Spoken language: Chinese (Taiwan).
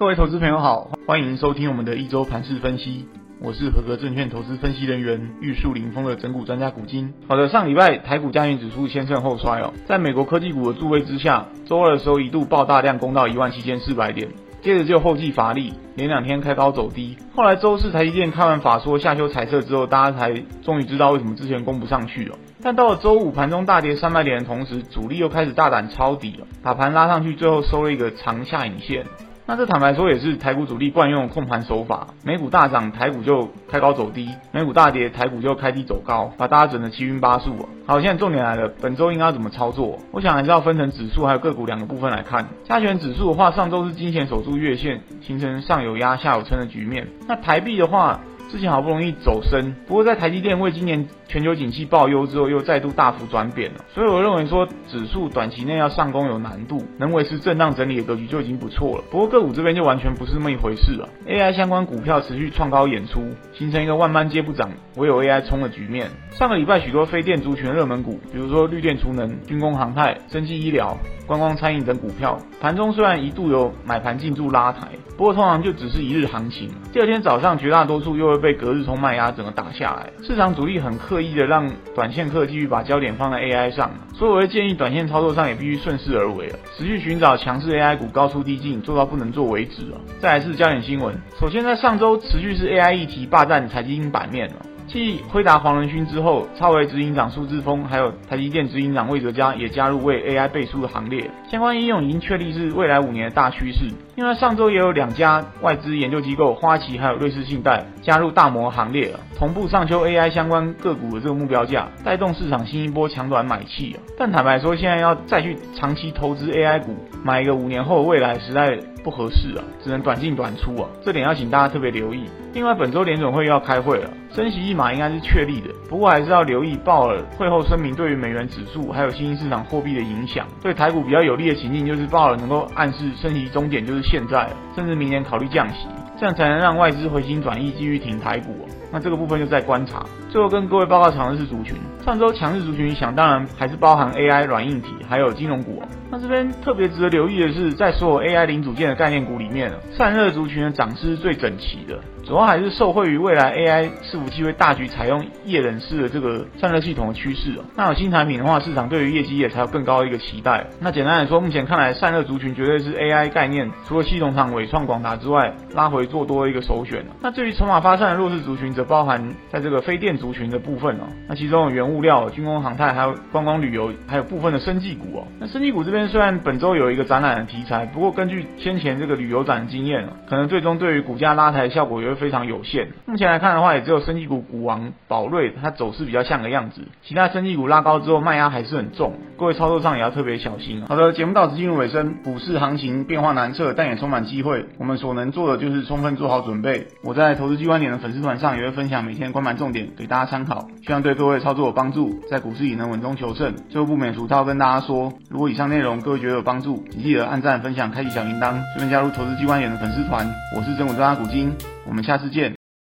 各位投資朋友好，歡迎收聽我們的一周盤勢分析。我是合格證券投資分析人員玉樹臨風的拯股專家股晶。好的，上禮拜台股加權指數先盛後衰哦，在美國科技股的助威之下，周二的時候一度爆大量攻到一萬七千四百點，接着就後繼乏力，連兩天開高走低，後來周四台積電看完法說下修財測之後，大家才終於知道為什麼之前攻不上去了哦。但到了周五盤中大跌三百點的同時，主力又開始大膽抄底了，把盤拉上去，最後收了一個長下影線。那這坦白說也是台股主力慣用的控盤手法，美股大漲台股就開高走低，美股大跌台股就開低走高，把大家整得七暈八素。好，現在重點來了，本周應該要怎麼操作？我想還是要分成指數還有個股兩個部分來看。加權指數的話，上周是驚險守住月線，形成上有壓、下有撐的局面。那台幣的話。之前好不容易走升，不過在台積電為今年全球景氣報憂之後，又再度大幅轉貶了。所以我認為說，指數短期內要上攻有難度，能維持震盪整理的格局就已經不錯了。不過個股這邊就完全不是那麼一回事了。AI 相關股票持續創高演出，形成一個萬般皆不漲，唯有 AI 衝的局面。上個禮拜許多非電族群熱門股，比如說綠電儲能、軍工航太、生技醫療。觀光餐飲等股票盤中雖然一度有買盤進駐拉抬，不過通常就只是一日行情。第二天早上，絕大多數又會被隔日沖賣壓整個打下來。市場主力很刻意地讓短線客繼續把焦點放在 AI 上，所以我會建議短線操作上也必須順勢而為，了持續尋找強勢 AI 股，高出低進，做到不能做為止。再來是焦點新聞，首先在上周持續是 AI 議題霸占財經版面。繼輝達、黃仁勳之後，超微執行長蘇姿豐，還有台積電執行長魏哲家，也加入為 AI 背書的行列。相關應用已經確立是未來五年的大趨勢。另外，上周也有兩家外資研究機構花旗還有瑞士信貸加入大摩行列了，同步上修 AI 相關個股的這個目標價，帶動市場新一波搶短買氣。但坦白說，現在要再去長期投資 AI 股，買一個五年後的未來時代。不合適啊，只能短進短出啊，這點要請大家特別留意。另外，本周聯準會又要開會了，升息一碼應該是確立的，不過還是要留意鮑爾會後聲明對於美元指數還有新興市場貨幣的影響。對台股比較有利的情境就是鮑爾能夠暗示升息終點就是現在了，甚至明年考慮降息。這樣才能讓外資回心轉意，繼續挺台股哦、啊。那這個部分就在觀察。最後跟各位報告強勢族群，上周強勢族群想當然還是包含 AI 軟硬體，還有金融股哦、啊。那這邊特別值得留意的是，在所有 AI 零組件的概念股裡面、啊，散熱族群的漲勢是最整齊的，主要還是受惠於未來 AI 伺服器會大舉採用液冷式的這個散熱系統的趨勢哦。那有新產品的話，市場對於業績也才有更高的一個期待。那簡單來說，目前看來散熱族群絕對是 AI 概念，除了系統廠緯創、廣達之外，拉回。做多一個首選啊。那至於籌碼發散的弱勢族群，則包含在這個非電族群的部分哦啊。那其中有原物料、軍工、航太，還有觀光旅遊，還有部分的生技股哦啊。那生技股這邊雖然本周有一個展覽的題材，不過根據先前這個旅遊展的經驗哦啊，可能最終對於股價拉抬效果也會非常有限。目前來看的話，也只有生技股股王寶瑞，它走勢比較像個樣子。其他生技股拉高之後，賣壓還是很重，各位操作上也要特別小心啊。好的，節目到此進入尾聲，股市行情變化難測，但也充滿機會。我們所能做的就是充，充分做好準備。我在投資 G 觀點的粉絲團上也會分享每天關門重點，給大家參考，希望對各位操作有幫助，在股市也能穩中求勝。最後不免俗套，跟大家說，如果以上內容各位覺得有幫助，請記得按贊、分享、開啟小鈴鐺，順便加入投資 G 觀點的粉絲團。我是拯股專家股晶，我們下次見。